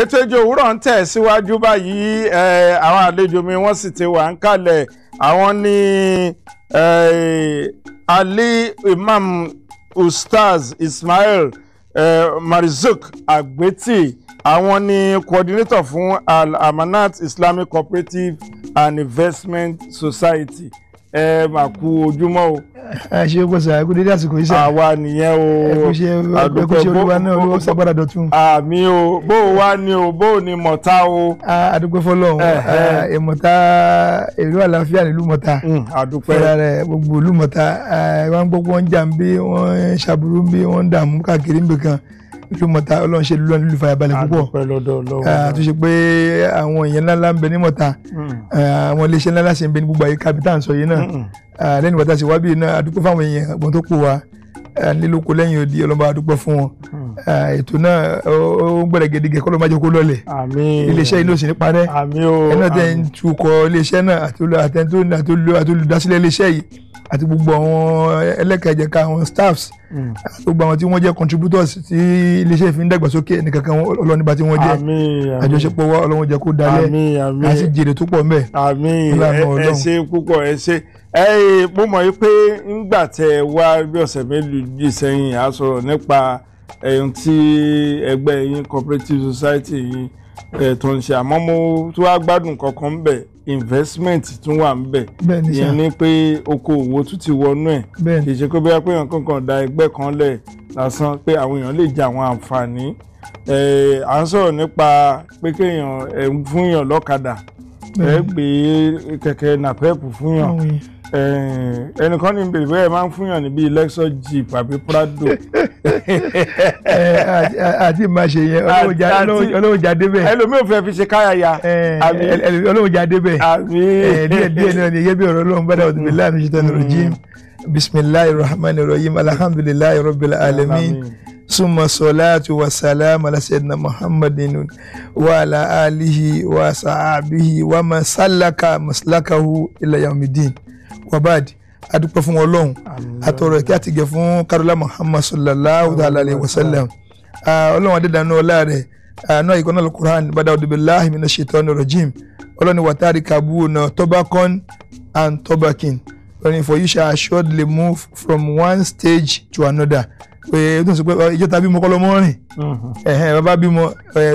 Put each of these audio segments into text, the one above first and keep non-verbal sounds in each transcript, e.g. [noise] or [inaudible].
ètò ìjọ òwúrọ̀ ń tẹ̀ síwájú báyìí àwọn àlejò mi wọ́n sì ti wà ń kalẹ̀ àwọn ní Ali Imam Ustaz Ismail Marizuk Agbeti àwọn ní coordinator fún Al Amanat Islamic Cooperative and Investment Society ẹ mà kú ojúmọ́ o. ẹ ṣe kó sọ àìkú dédé àsìkò iṣẹ́. àwa nìyẹn o àdúgbò olúwa náà olúwa sagbada dọ̀tun. àmì o bó o wá ní o bó o ní mọ̀tá o. àdúgbò fọlọ́hún ìmọ̀tá ìlú àlàáfíà nílùú mọ̀tá. àdúpẹ́ hmm, fúnra rẹ̀ gbogbo ìlú mọ̀tá wọ́n gbogbo wọn jà ń bí wọ́n ṣàbùrú ń bí wọ́n dààmú káàkiri ń bì kan ìlúmọ̀ta ọlọ́run ṣe lọ́nà nílùú fàyàbalẹ̀ púpọ̀ tó ṣe pé àwọn èèyàn ńláńlá ń bẹ ní mọ̀ta hmm. àwọn iléeṣẹ́ ńláńlá ṣe ń bẹ ní gbogbo àyíká bí tá à ń sọ yìí náà lẹ́nu bàtà ṣe wá bí náà àdúgbò fáwọn èèyàn ọ̀gbọ́n tó kù wa nílòkó lẹ́yìn odi ọlọ́mọ àdúgbò fún wọn hmm. ètò náà ó ń gbọ́dọ̀ gẹ́gẹ́ kọ́ ló máa jẹ́ kó lọ́lẹ̀ iléeṣẹ́ iná ò sì ní parẹ́ ẹ̀nà tẹ̀ ń tukọ̀ iléeṣẹ́ náà àti olùdásílẹ̀ iléeṣẹ́ yìí àti gbogbo àwọn ẹlẹ́kẹ̀jẹ̀ka àwọn staffs hmm. gbogbo àwọn tí wọ́n jẹ́ contributors tí iléeṣẹ́ fi ń dàgbàsókè ẹnìkankan ọlọ́niba tí wọ́n jẹ́ àjọṣepọ̀ wa ọlọ́run jẹ́ kó dalẹ̀ àti jèrè tó pọ̀ mẹ́. àmín ẹ ṣé púpọ̀ ẹ ṣé mo mọ̀ pé ńgbà tẹ wá bí ọ̀sẹ̀ mélòó méjì sẹ́yìn a sọ̀rọ̀ nípa ẹ̀yìn tí ẹgbẹ́ yín cooperative society yín ẹ̀ tó ń ṣe àmọ́ mo tún wá gbádùn kankan bẹ̀ investment tún wà ń bẹ̀ ìyẹn ni pé okòwò tún ti wọnú ẹ̀ kì í ṣe pé bóyá pé èèyàn kankan da ẹgbẹ́ kan lẹ̀ lásán pé àwọn èèyàn lè jẹ àwọn àǹfààní à ń sọ̀rọ̀ nípa pé kéèyàn ẹ̀ ń fún yàn lọ́kadà ẹ̀ pé kẹ̀kẹ́ nàpẹ́ẹ̀pù fún yàn Eh, ẹnìkan ní bèrè bẹ́ẹ̀ máa ń fúnyàn níbi lexus jeep àbí prado. [laughs] Eh, àti máa ṣe yẹn olóòjà débẹ̀. ẹlòmíì ò fẹ́ fi ṣe káyàyà. olóòjà eh, débẹ̀. díẹ̀ díẹ̀ náà ni yẹ́bí ọ̀rọ̀ ọlọ́run bàdà ọ̀dùnmí láàmì ṣe tẹnu rojim hmm. bisimilayi rahman rahim alhamdulilayi rabbil alamin suma salatu wa salam ala sayyidina muhammadin wa ala alihi wa sahabihi wa man sallaka maslakahu ila yawmiddin wabadi adúpẹ́ fún ọlọ́run àtọrọ ẹ̀kẹ́ àtìgẹ̀ fún karola muhammad sallallahu alayhi wa sallam ọlọ́run adédàánú ọlá rẹ̀ àánú àyíkọ́ náà lukuran bàdà ọdúnbẹ̀láhi mina shaitan rajim ọlọ́run wàtàrí kabu na tobacon and tobakin ọlọ́run for you shall assuredly move from one stage to another pé o tún sọ pé ìjọta bímọ kọ́ lọ́mọ rìn mm-hmm. bàbá bímọ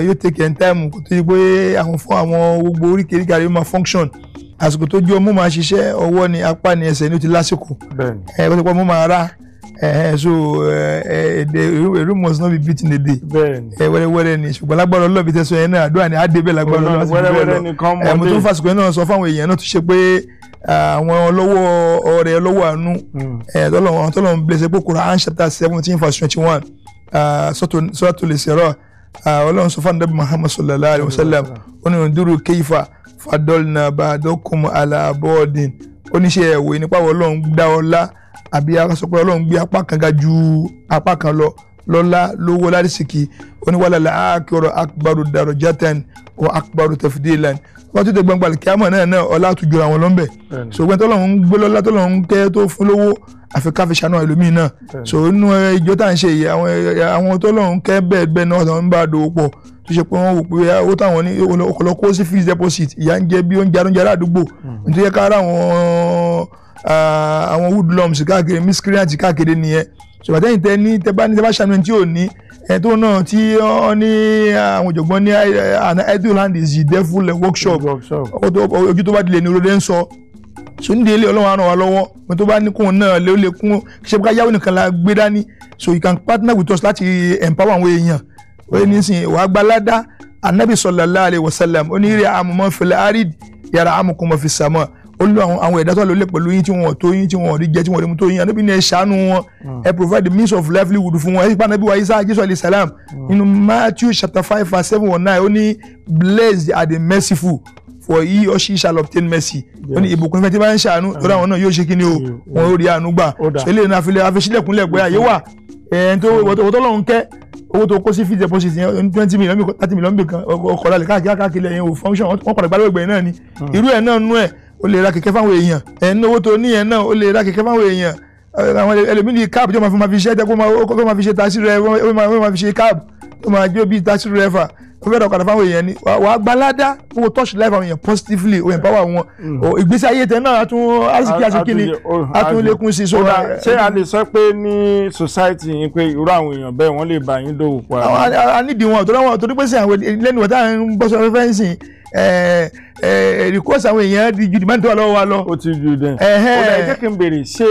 yóò take time kó tó yẹ pé àwọn fún àwọn gbogbo oríkèéríkèé àríwá máa function. Mm -hmm àsìkò tó ju ọmú máa ṣiṣẹ́ ọwọ́ ni apá ni ẹsẹ̀ ni ó ti lásìkò ẹ kó tó pọ̀ mú máa rà so a room must not be beaten a day wẹ́rẹ́wẹ́rẹ́ ni ṣùgbọ́n lágbára ọlọ́ọ̀bí tẹ̀sán yẹn náà àdúrà ni á dé bẹ́ẹ̀ lágbára ọlọ́ọ̀bí tẹ̀sán yẹn náà mo tún fàṣìkò yẹn náà sọ fáwọn èèyàn náà tó ṣe pé àwọn ọlọ́wọ́ ọ̀rẹ́ ọlọ́wọ́ àánú hmm. tọ́lọ́wọ́n tọ́lọ́wọ́n blessed pé Quran chapter seventeen verse twenty-one sọ́tò lè ṣẹ̀rọ̀ ọlọ́run sọ fún àdàbí Muhammad sallallahu alayhi wa sallam ó ní òǹdúró kéyìfà fadolna badokum ala bodin oníṣẹ́ ẹ̀wò nípa ọlọ́run dá ọlá àbí ara sọ pé ọlọ́run gbé apá kan ga ju apá kan lọ lọ́lá lówó lárísìkì oníwàlálà àkọrọ̀ akbaru darajatan wa akbaru tafdilan wọ́n tún tẹ gbọ́ngbà kíámọ̀ náà náà ọlá àtújọ àwọn lọ́nbẹ̀ ṣùgbọ́n tọ́lọ̀ ń gbé lọ́lá tọ́lọ̀ ń tẹ́ tó fún lówó àfi káfí ṣàánú ẹlòmíì náà so inú ìjọ eh, tá à ń ṣe yìí àwọn eh, tọ́lọ̀ ń kẹ́ bẹ́ẹ̀ bẹ́ẹ̀ náà ọ̀sán ń bá a dòwò pọ̀ tó ṣe pé wọ́n wò pé ah, owó táwọn ní ọ̀pọ̀lọpọ̀ sí fixed deposit ìyá ń jẹ bí oúnjẹ oúnjẹ aládùúgbò hmm. nítorí kára àwọn ah, woodlums káàkiri miscreant káàkiri nìyẹn ṣùgbọ́n tẹ́yìn tẹ́ ní tẹ́bá ní tẹ́bá ṣàmì tí ò ní ẹ̀ tó náà tí ọ ní àwọn òjọ̀gbọ́n ní idleland is the devil workshop ojú tó bá dilẹ̀ ní oró ń sọ so nídìí ilé ọlọ́run àràn wa lọ́wọ́ mo tó bá ní kóun náà lé ó lè kún ṣé ká yáwó nìkan la gbé dání so you can partner with us láti empower àwọn èèyàn ó ní sìn wàá gba ládá anabi sallallahu alaihi wasallam onírè amọ̀mọ́fẹ́lẹ́ arid yàrá amọ̀kùnmọ́fẹ́sàmọ́ ó lọ àwọn ẹ̀dá tó lọ lé pẹ̀lú yín tí wọ́n tó yín tí wọ́n rí jẹ tí wọ́n rí mu tó yín ànábì ní ẹ ṣàánú wọn hmm. ẹ provide the means of livelihood fún wọn ẹ sì pa ànábì wa isa jesus alayhi salam hmm. nínú matthew chapter five verse seven one nine ó ní blessed are the merciful for he or she shall obtain mercy ó ní ìbùkún fẹ́ tí bá ń ṣàánú lọ́dọ̀ hmm. àwọn náà yóò ṣe kí ni o wọn ó rí àánú gbà ṣe lè ní àfilẹ̀ àfisílẹ̀kúnlẹ̀ pé àyè wà ẹ̀ẹ́n tó wọ́tọ̀ lọ́hún kẹ́ owó tó kó sí fixed deposit yẹn twenty million thirty million bìkan ọkọ̀ ọ̀la lè káàkiri káàkiri ẹ̀yìn ò function wọ́n padà gbàlẹ́ ìgbẹ̀yìn náà ni irú ẹ̀ náà nú ẹ̀ o lè ra kẹ̀kẹ́ fáwọn èèyàn ẹ̀ ń náwó tó ní yẹn náà o lè ra kẹ̀kẹ́ fáwọn èèyàn àwọn ẹlòmíì káàbù tí wọ́n máa fi ṣe ẹ́ kó máa fi ṣe taxi rẹ wọ́n máa fi ṣe káàbù tó máa jó bíi taxi rẹ fà wọ́n fẹ́ràn ọ̀kadà fáwọn èèyàn ni wà á gbalada owó touch life àwọn èèyàn positively o empower wọn hmm. ìgbésí ayé tẹ náà atún arísìkí aṣèkí ni atún lékún sí. ṣé a lè sọ pé ní society yín pé irú àwọn èèyàn bẹ́ẹ̀ wọ́n lè bá yín dòwò pa. a nídìí wọn torí pé sẹ́yìn lẹ́nu wọ́n ń bọ́ fẹ́ǹsì rìkọ́sì àwọn èèyàn di ju dìmẹ́ntì wà lọ́wọ́ wa lọ. ó ti ju dẹ́n. ó dà jẹ́ kí n béèrè ṣé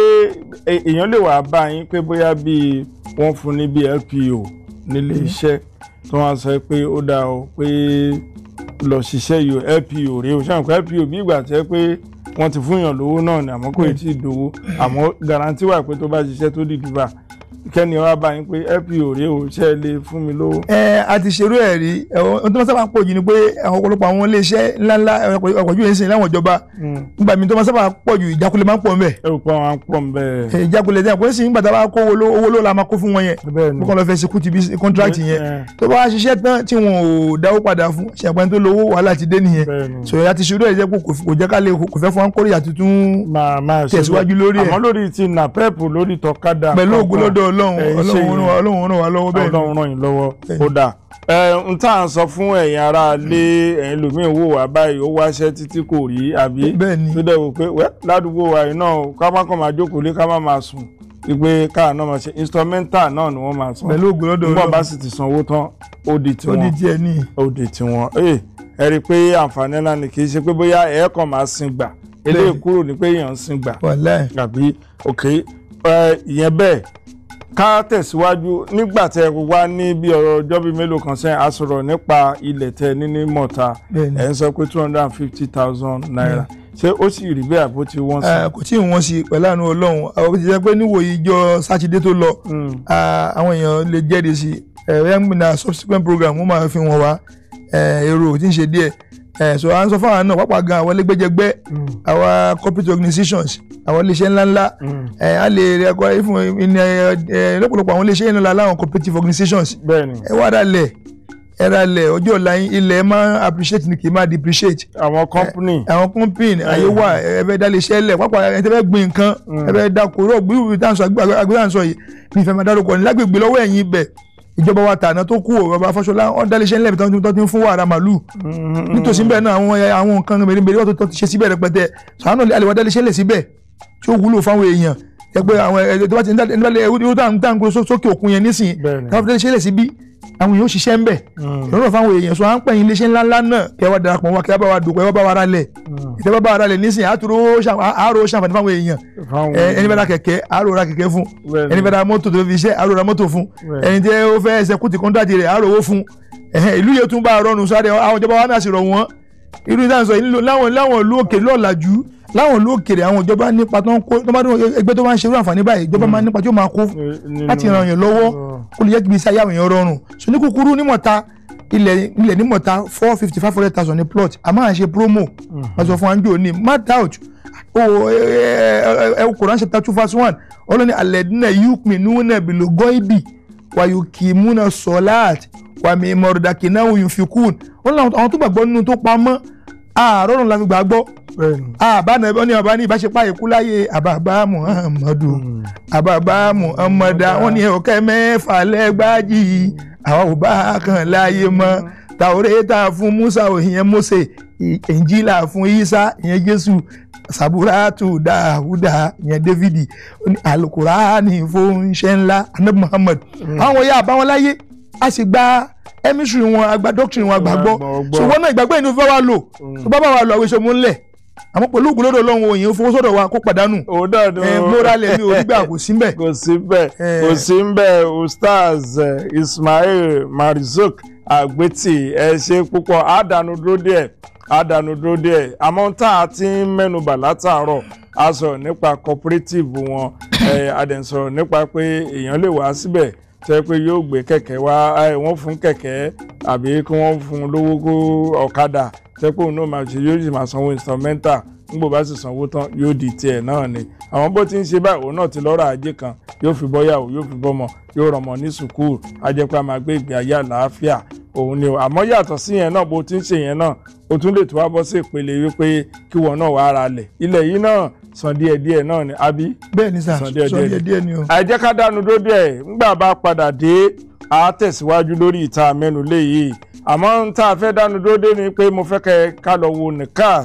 èèyàn lè wà bá yín pé bóyá bíi wọ́n fún ní bíi LPO nílé mm-hmm. iṣẹ́ tí wọ́n sọ pé ó dà o pé lọ ṣiṣẹ́ yìí LPO rèé o ṣáà pé LPO bí ìgbà tẹ́ pé wọ́n ti fún yàn lówó náà ni àmọ́ kò mm-hmm. tí ì dówó àmọ́ garanti wà pé tó bá ṣiṣẹ́ tó dìdú bá kẹ́ni ọ̀rá bá yín pé ẹ́pì òré o ṣe lè fún mi lówó. ẹ a ti ṣerú ẹ rí ohun tó máa sábà ń pọ̀ jù ni pé àwọn ọ̀pọ̀lọpọ̀ àwọn iléeṣẹ́ ńláńlá ọkọ̀ ojú ẹ̀sìn láwọn ìjọba nígbà mi tó máa sábà pọ̀ jù ìjákulẹ̀ máa ń pọ̀ ń bẹ̀. ẹrù pa wọn pọ̀ ń bẹ̀. ìjákulẹ̀ tẹ̀ kó sì ń gbàtà bá kó owó owó la máa kó fún wọn yẹn mo kàn lọ fẹ́ sekú ti bí contract yẹn tó bá ṣiṣẹ́ tán tí wọn ò dáwó padà fún ṣàpẹ́ni tó lówó wàhálà ti dé nìyẹn sọ̀rọ̀ láti ṣerú ẹ̀ jẹ́ kò jẹ́ ká ọlọ́run ọlọ́run ọlọ́run ràn wá lọ́wọ́ bẹ́ẹ̀ ni ọlọ́run ràn yín lọ́wọ́ ó dà n tá à ń sọ fún ẹ̀yin ará ilé ẹ̀yin lòmíì wò wá báyìí ó wáṣẹ́ títí kò rí àbí tó dẹ̀ wò pé ládùúgbò wa yìí náà ká má kàn máa jókòó lé ká má máa sùn wípé káà náà máa ṣe instrumental náà ni wọ́n máa san pẹ̀lú ògùn lọ́dọ̀ ọlọ́run bọ́ọ̀ bá sì ti sanwó tán ó di tiwọn ó di tiẹ̀ ní ó di tiwọn eh, ẹ rí i pé àǹfààní ńlá ni kì í ṣe pé bóyá ẹ kàn máa sin gbà eléyìí kúrò ní pé èèyàn ń sin gbà àbí òkè ìyẹn bẹ́ẹ̀ ká tẹ̀síwájú nígbà tẹ wá ní bí ọ̀rọ̀ ọjọ́ bíi mélòó kan sẹ́yìn a sọ̀rọ̀ nípa ilẹ̀ tẹ níní mọ̀ta ẹ̀ ń sọ pé two hundred and fifty thousand naira ṣé ó sì rí bẹ́ẹ̀ àbó ti wọ́n sí. kò tí ì wọ́n sí pẹ̀lú àánú ọlọ́run àwọn ti jẹ́ pé níwòye ìjọ sátidé tó lọ hmm. àwọn èèyàn lè jẹ́rìí sí ẹ̀rẹ́ mìíràn subsequent program wọ́n máa fi wọ́n wá èrò tí ń ṣe díẹ̀ ẹ so à ń sọ fáwọn náà pápá gan àwọn ẹlẹgbẹjẹgbẹ mm. àwọn corporate organizations àwọn iléeṣẹ́ ńláńlá mm. ẹ a lè rẹ ẹkọ ifun ẹ lọ́pọ̀lọpọ̀ àwọn iléeṣẹ́ ńláńlá láwọn cooperative organizations ẹ wá dalẹ̀ ẹ dalẹ̀ ọjọ́ ọ̀la ilẹ̀ máa appreciate ni kì í máa depreciate. àwọn company àwọn company ayé wà ẹ fẹ́ dalẹ̀ iṣẹ́ lẹ̀ pápá ẹ fẹ́ gbin nǹkan ẹ mm. fẹ́ dáko rọ̀ gbígbó àgbẹ̀ àǹsọ̀ ìjọba wa tàná tó kú ọ̀rọ̀ Fáṣọlá wọn dá iléeṣẹ́ ńlẹ̀ tó ti ń fún wàrà màlúù mm-hmm. nítòsí bẹ́ẹ̀ náà àwọn àwọn nǹkan mèremère wọ́n tó ti ṣe síbẹ̀ rẹpẹtẹ sàánù àlèwà dá iléeṣẹ́ ńlẹ̀ síbẹ̀ tí ó wúlò fáwọn èèyàn ẹ pé àwọn ẹ̀ tó bá ti ń dá irú tá à ń gbé sókè òkun yẹn nísìnyí káfíńtà iléeṣẹ́ ńlẹ̀ síbí àwọn èèyàn ó ṣiṣẹ́ ńbẹ̀ hmm. lọ́rọ̀ fáwọn èèyàn sọ à ń pè yín iléeṣẹ́ ńláńlá náà kí wá darapọ̀ wọn kí ẹ bá wa dòpọ̀ ẹ wá bá wa ralẹ̀ hmm. ìtẹ́ bá bá wa ralẹ̀ nísìnyí àárò ṣàǹfààní fáwọn èèyàn ẹni bá ra kẹ̀kẹ́ àárò ra kẹ̀kẹ́ fún ẹni bá ra mọ́tò tó fi iṣẹ́ àárò ra mọ́tò fún ẹni tí ó fẹ́ ẹsẹ̀ kùtì kọ́ńtàtì rẹ̀ àárò owó fún ìlú yẹn tún bá rọrùn láwọn ìlú òkèrè àwọn ìjọba nípa tó ń kó tó bá dún ẹgbẹ́ tó bá ń ṣerú àǹfààní báyìí ìjọba máa nípa tí ó máa kó láti ràn yàn lọ́wọ́ kó lè jẹ́ kíbi iṣẹ́ ayé àwọn èèyàn rọrùn so ní kúkúrú nímọ̀ta ilẹ̀ ilẹ̀ nímọ̀ta four fifty five hundred thousand ní plot a máa ń ṣe promo mm-hmm. wọ́n sọ fún wa ń jò ní mad out ẹ e, e, e, Quran chapter two verse one ọlọ́ni alẹ́ dínà yúkmi núnà bìlò gọ́ìbì wàyùkì múnà sọ̀láàt wàmí mọ̀rọ̀dàkì náà yùfikún wọ́n làwọn tó gbàgbọ́ nínú tó pamọ́ àárọ̀rùn la fi gbà gbọ́ àbánabí wọn ni ọba ní ìbáṣepá ikú láyé àbàbá muhammadu àbàbá hmm. muhammadu àwọn ni ọ̀kẹ́ mẹ́fà lẹ́gbàájì hmm. àwọn ò bá kàn láyé mọ́ hmm. tàwórẹ́ta fún musa òhìyẹn mose ìjìlá fún isa ìyẹn jésù sàbúrátù dáhùdá ìyẹn dávidi alukurani fún ṣẹ́ńlá anabi muhammad àwọn ya àbáwọn láyé a sì gba ẹmísìrì wọn a gba doctrine wọn a gbà gbọ́ ṣùgbọ́n náà ìgbàgbọ́ yìí ni fẹ́ wá lò tó bá bá wa lọ àwọn iṣẹ́ mu ńlẹ̀ àmọ́ pẹ̀lú ògbólódò ọlọ́run òyìn ó fowó sọ̀dọ̀ wa kó pàdánù móralẹ̀ mi ò nígbà kò sí mbẹ̀. kò sí mbẹ̀ kò sí mbẹ̀ ustaz eh, Ismail Marzouk àgbétì ẹ ṣe púpọ̀ àdánù dúró díẹ̀ àdánù dúró díẹ̀ àmọ́ tá a ti ń mẹ́nubà látàárọ̀ a sọ̀rọ̀ nípa cooperative wọn a dẹ̀ sọ̀rọ̀ nípa pé èèyàn lè wá síbẹ̀ tẹ́ pé yóò gbé kẹ̀kẹ́ wá wọ́n fún kẹ̀kẹ́ àbí kí wọn fún lówó kó ọ̀kadà tẹ́ pé òun náà máa ṣe yóò sì máa sanwó instrumental nígbò bá sì sanwó tán yóò di tiẹ̀ náà ni àwọn bó ti ń ṣe báyìí òun náà ti lọ́rọ̀ ajé kan yóò fi bọ́yàwó yóò fi bọ́mọ yóò rọmọ ní sùkúù ajẹ́pẹ́ a máa gbé ìgbé ayé àlàáfíà òun ni o àmọ́ yàtọ̀ sí yẹn náà bó ti ń ṣe yẹn náà o tún lè tó wá bọ́ sí ìpele wípé kí wọn náà wàá ra lẹ̀ ilẹ̀ yìí náà san díẹ̀ díẹ̀ náà ni àbí. bẹ́ẹ̀ni sà san díẹ̀ díẹ̀ ni o. àìjẹ́ ká dánu dó díẹ̀ ńgbà bá padà dé a tẹ̀síwájú lórí ìta mẹ́nu léyìí àmọ́ ń tá a fẹ́ dánu dó dé ni pé mo fẹ́ kẹ́ ká lọ wo nìkan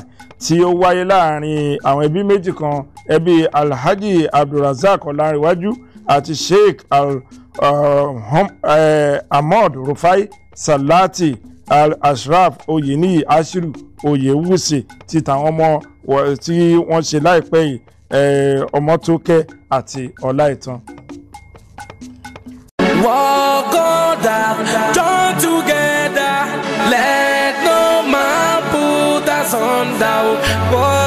tí ó wáyé láàrin àwọn ẹbí méjì kan ẹbí alhaji abdulrasaq ọlárìnwájú àti sheikh al, uh, hum, uh, ahmad rufai salati ashraf oyeniyi ashiru oyewuse ti tàwọn ọmọ tí wọ́n ṣe láìpẹ́ yìí ọmọtókẹ́ àti ọláìtàn. Walk on down, join together, let no man put us on oh, down.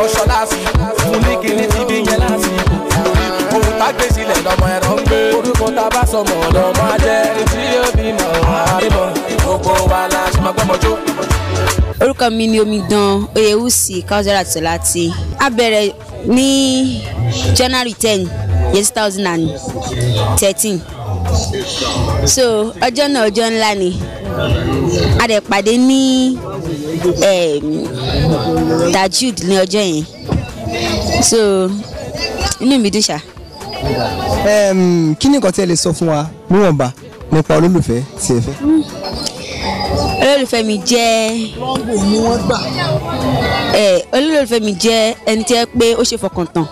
ọṣọ láti fún ní kinní ti bí yẹn láti ohun tá gbé sílẹ̀ lọ́mọ ẹ̀rọ ń gbé orúkọ tá a bá sọmọ lọ́mọ ajẹ́ tí yóò bímọ àbímọ gbogbo wa la ṣe máa gbọ́mọ jó orúkọ mi ni omidan oyewusi kausera tolati a bẹ̀rẹ̀ ní january ten year two thousand and thirteen so ọjọ́ náà ọjọ́ ńlá ni a dẹ̀ pàdé ní tajud ní ọjọ́ yẹn so inú mi dùn ṣá. kí ni nǹkan tí ẹ lè sọ fún wa níwọ̀nba nípa olólùfẹ́ tí ẹ fẹ́. olólùfẹ́ mi jẹ́ olólùfẹ́ mi jẹ́ ẹni tí ẹ pé ó ṣe fọkàn tán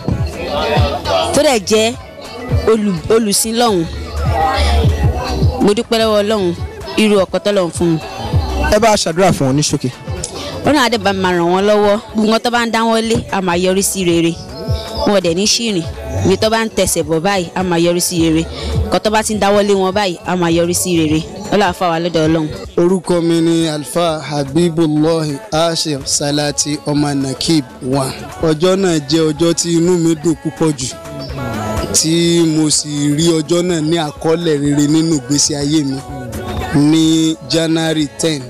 tó dẹ̀ jẹ́ olùsìn lọ́hùn mo dúpẹ́ lọ́wọ́ Ọlọ́hun irú ọkọ tọ́lọ̀ ń fún mi. ẹ bá a ṣàdúrà fún wọn ní ṣókè. ọlọ́run àdébà máa ràn wọ́n lọ́wọ́ gbogbo tó bá ń dáwọ́ lé a máa yọrí sí rere wọn dẹ̀ ní ṣìrìn ibi tó bá ń tẹ̀sẹ̀ bọ̀ báyìí a máa yọrí sí rere kọ́ bá ti ń dáwọ́ lé wọn báyìí a máa yọrí sí rere ọlọ́run àfa wa lọ́dọ̀ ọlọ́run. orúkọ mi ni alfa habibullahi ashir salati ọmọ nakib wa ọjọ́ náà jẹ́ ọjọ́ tí inú mi dùn púpọ̀ jù tí mo sì rí ọjọ́ náà ní àkọọ́lẹ̀ rere nínú ìgbésí ayé mi. Mm -hmm ní January ten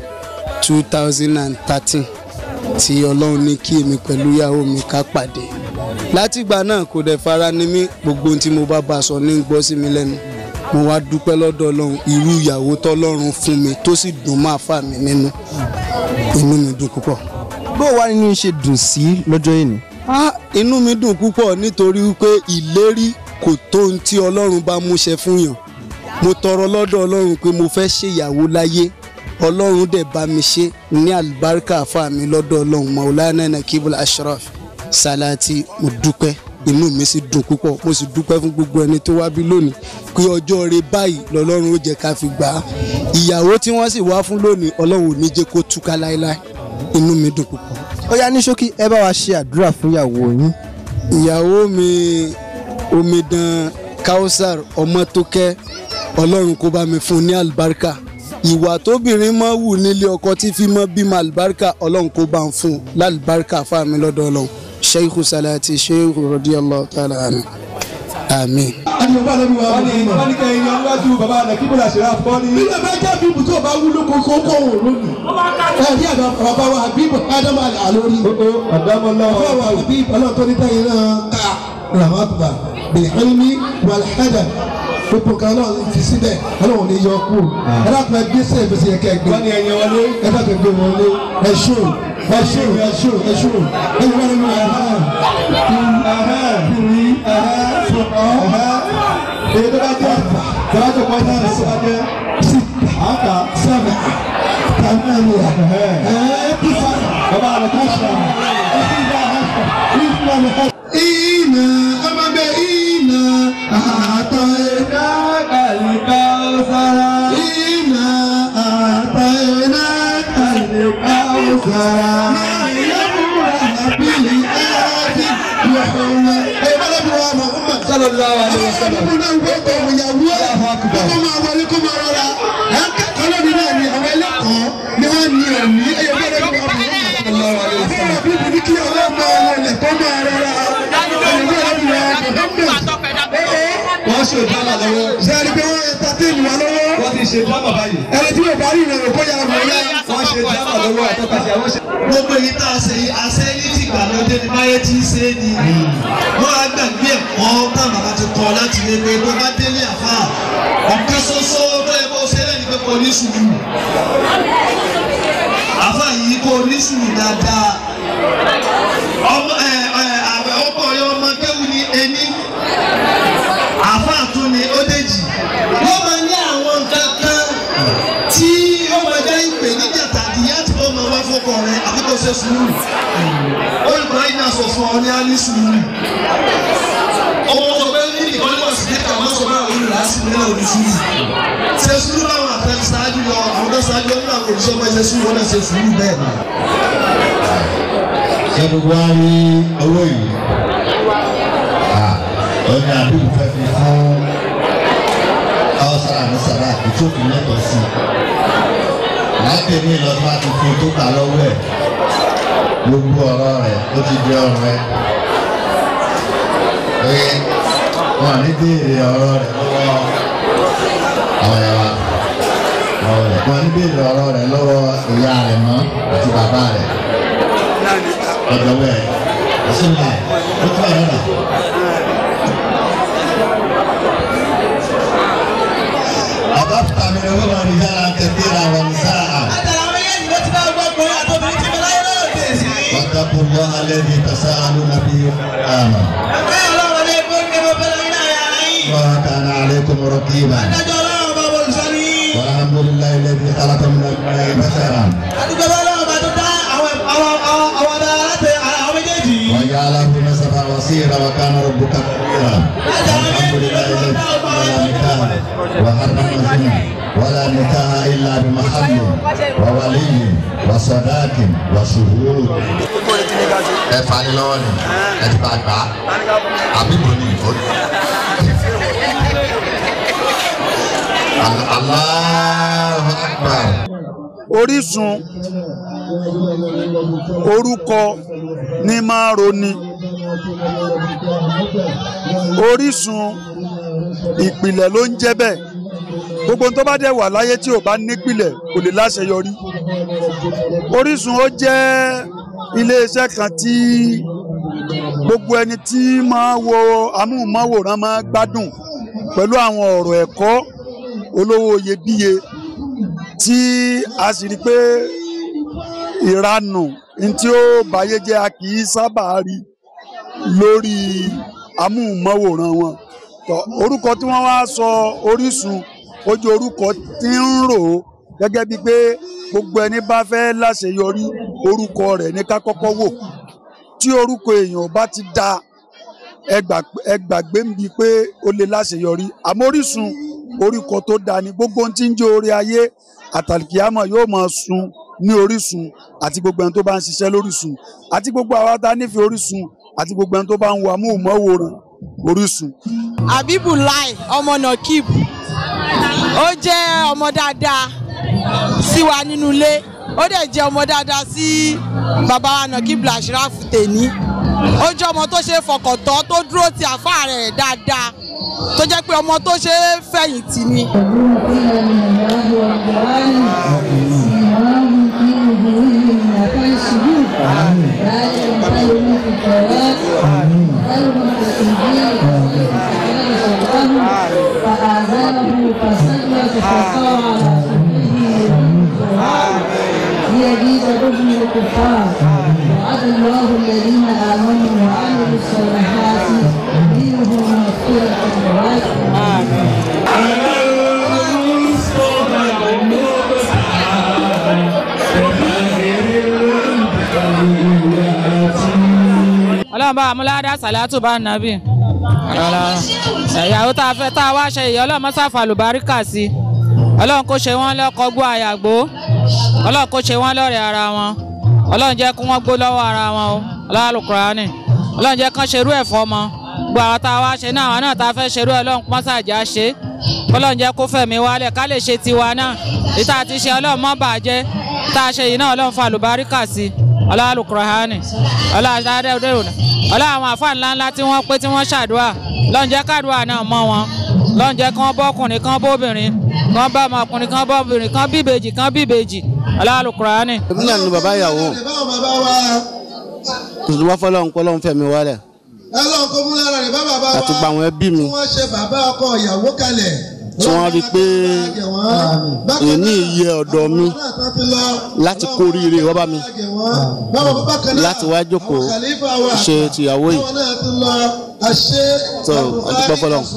two thousand and thirteen tí Ọlọ́run ní kí èmi pẹ̀lú ìyàwó mi ká pàdé látìgbà náà kò dẹ̀ fara ni mí gbogbo ohun tí mo bá bá a sọ ní gbọ́ sí mi lẹ́nu mo wá dúpẹ́ lọ́dọ̀ Ọlọ́run irú ìyàwó tọ́lọ́run fún mi tó sì dùn máa fà mí nínú inú mi dùn púpọ̀. bó o wá nínú ṣe dùn sí lọ́jọ́ yìí ni. inú mi dùn púpọ̀ nítorí wípé ìlérí kò tó ohun tí Ọlọ́run bá múṣẹ fún yàn mo tọrọ lọ́dọ̀ ọlọ́run pé mo fẹ́ ṣèyàwó láyé ọlọ́run dẹ̀ bá mi ṣe ní àlùbáríkà àfa mi lọ́dọ̀ ọlọ́run maulana nakibul ashraf salati mo dúpẹ́ inú mi sì dùn púpọ̀ mo sì dúpẹ́ fún gbogbo ẹni tó wá bí lónìí pé ọjọ́ rẹ báyìí lọ́lọ́run ó jẹ́ ká fi gbà á ìyàwó tí wọ́n sì wá fún lónìí ọlọ́run ò ní jẹ́ kó túká láéláé inú mi dùn púpọ̀. ó yá ní ṣókí ẹ bá wa ṣe àdúrà fún ìyàwó yín. ìyàwó mi omidan kausar ọmọtókẹ́ ọlọ́run kó bá mi fún ní àlùbáríkà ìwà tóbìnrin máa wù nílé ọkọ tí fi máa bímọ àlùbáríkà ọlọ́run kó bá ń fún lálùbáríkà fáàmì lọ́dọ̀ ọlọ́run sheikhu salati sheikhu radiyallahu ta'ala anhu àmín. àyọ̀bá lẹ́nu wa wọ́n ní wọ́n ní kẹ́hìn yan wájú bàbá rẹ̀ kí bọ́lá ṣẹlá fọ́ ni. bí bàbá jẹ́ bíbù tó bá wúlò kókó kó wò lónìí. ẹ̀rí àgbà bàbá wa bíbù ádámù àlórí. àdámọ́lá bàbá wa bíbù ọlọ́ọ̀tọ́ tẹ̀yìn náà. rahmatulah bilhami walhadam gbogbo kan náà fi síbẹ̀ ọlọ́run ní yọ kú ah. ẹ dákun ẹ gbé sẹ́yìn fèsì ẹ̀kẹ́ gbé ẹ dákun ẹ gbé wọlé ẹ ṣó ẹ ṣó ẹ ṣó ẹ ṣó ẹ yọ wọlé wọn ẹ̀hán ẹ̀hán kiri ẹ̀hán fọ̀ọ́ ẹ̀hán èyí tó bá jẹ́ gbàdájọ́ pátá rẹ̀ tó bá jẹ́ àkà sẹ́mẹ̀ tàmílíà ẹ̀ẹ́dífà bàbá rẹ̀ káṣà ẹ̀ẹ́dífà ẹ̀ẹ́dífà ẹ̀ẹ́dífà sallallahu alaihi wa báyìí. ẹni tí yóò bá ìrìn àròkọ́ yàrá mọ̀ ọ́ wọ́n ṣe ìdáná ìwọ àtọkàṣe àwọn ṣe. gbogbo èyí tá a ṣe àṣẹ ní tìgbà lọ́dẹ ni báyé ti ṣe é ni. wọ́n á gbàgbé ẹ̀kọ́ táwọn bàbá ti kọ́ láti lé pé bó bá délé àfa ọ̀kẹ́ ṣoṣo tó yẹ kó ṣe lẹ́yìn pé kò ní sùúrù. àfa yìí kò ní sùúrù dáadáa. ọmọ ẹ̀ Oh, of sùúrù olùkọ́ yìí náà sọ fún ọ ní á ní sùúrù ọmọ sọ pé ní you wà sí níta máa sọ báwọn olùlà á sì nílẹ̀ òní sùúrù ṣe sùúrù láwọn àtàkì sáájú lọ àwọn tó sáájú ọdún àwọn olùsọ pé ṣe sùúrù náà ṣe sùúrù bẹ́ẹ̀ ni. ṣé gbogbo wa rí owó yìí ọ̀nà àbíkú fẹ́ fi fún ọ̀sán àmì sàrà ìjókòó lẹ́tọ̀ọ́ sí i látẹ̀mí lọ́dún àti fún tó ta lọ́wọ́ ẹ̀. olùkúwàláàrẹ̀ ó ti di ọ̀rọ̀ ẹ̀ pé wọ́n ní béèrè ọ̀rọ̀ rẹ̀ lọ́wọ́ àwọn ẹ̀wà ọ̀rọ̀ rẹ̀ wọ́n ní béèrè ọ̀rọ̀ rẹ̀ lọ́wọ́ ìyá rẹ̀ mọ́ àti bàbá rẹ̀ ọ̀dọ̀ bẹ́ẹ̀ ọ̀sùnmí ó tún ẹ̀rọ rà. Adapta mi ni wọ́n máa ń rí yára. واتقوا الله الذي تساءلون به آمين وكان عليكم رقيبا والحمد لله الذي خلق من الماء بشرا وجعله نسبا وصيرا وكان ربك قديرا الحمد لله الذي ولا نكاح وحرم الزنا ولا نكاح الا بمحرم وولي وصداق وشهود ẹ falẹ lọ́wọ́ ni ẹ ti bá gbà àbí mo ní ìfọ. Orísun orúkọ ní máa roni orísun ìpìlẹ̀ ló ń jẹ́ bẹ́ẹ̀ gbogbo tó bá dẹ̀ wà láyé tí ò bá nípìlẹ̀ kò lè láṣeyọrí orísun ó jẹ́ iléeṣẹ́ kan tí gbogbo ẹni tí máa wo amóhùnmáwòrán máa gbádùn pẹ̀lú àwọn ọ̀rọ̀ ẹ̀kọ́ olówó iyebíye tí a sì rí pé ìranù tí ó báyé jẹ́ a kì í sábà rí lórí amóhùnmáwòrán wọn orúkọ tí wọ́n wá sọ Orísun ó orúkọ tí ń rò ó gẹ́gẹ́ bíi pé gbogbo ẹni bá fẹ́ láṣeyọrí orúkọ rẹ̀ ní ká kọ́kọ́ wò tí orúkọ èèyàn bá ti da ẹ gbàgbé ń bi pé ó lè láṣeyọrí àmọ́ orúkọ tó da ni gbogbo ohun tí ń jẹ́ orí ayé àtàlìkíámọ̀ yóò máa sun ní orísun àti gbogbo ẹni tó bá ń ṣiṣẹ́ lórísun àti gbogbo àwa tá nífẹ̀ẹ́ orísun àti gbogbo ẹni tó bá ń wo amóhùnmáwòrán orísun. Abibulai ọmọ Nakib ó jẹ́ ọmọ dáadáa sí wa nínú ilé ó dẹ̀ jẹ́ ọmọ dáadáa sí bàbá wa Nàkíbù Ashraf tèmi ó jẹ́ ọmọ tó ṣe fọkàn tán tó dúró ti àfa rẹ̀ dáadáa tó jẹ́ pé ọmọ tó ṣe fẹ̀yìntì ni. Thank يجيز كل الكفار وعد الله الذين امنوا وعملوا الصالحات منهم مغفره واجر ọlọ́run bá amúládá sàlátù bá nàbì ìyàwó tá a fẹ́ tá a wá ṣe ìyá ọlọ́run mọ́sáfà lùbáríkà sí ọlọ́run kó ṣe wọ́n lọ́kọ́ gbọ́ àyàgbó ọlọ́run kò ṣe wọ́n lọ́rẹ̀ẹ́ ara wọn ọlọ́run jẹ́ kí wọ́n gbó lọ́wọ́ ara wọn o lálùkùránì ọlọ́run jẹ́ kán ṣerú ẹ̀ fọmọ gbogbo àwọn tá a wá ṣe náà àwọn náà tá a fẹ́ ṣerú ẹ̀ ọlọ́run pọ́n sàjà ṣe ọlọ́run jẹ́ kó fẹ̀mí wálẹ̀ ká lè ṣe tiwa náà ìta àti ṣe ọlọ́run mọ́ bàjẹ́ tá a ṣe yìí náà ọlọ́run fa àlùbáríkà sí ọlọ́run ọlọ́run àwọn àfa ọlọ́run kan bá ọmọkùnrin kan bá obìnrin kan bí ìbejì kan bí ìbejì aláàlùkùránì. èmi náà ni bàbá ìyàwó kò sí wá fọlọ́run kọ́lọ́run fẹ̀mí wálẹ̀ ẹlọ́run kó mú lára rẹ̀ bá bàbá wa àti gbàwọn ẹbí mi tí wọ́n ṣe bàbá ọkọ ìyàwó kalẹ̀ tí wọ́n rí i pé èmi yẹ ọ̀dọ̀ mi láti kó oríire wá mi láti wá jókòó ṣe tìyàwó yìí tó ọdún pẹ́ fọlọ́run.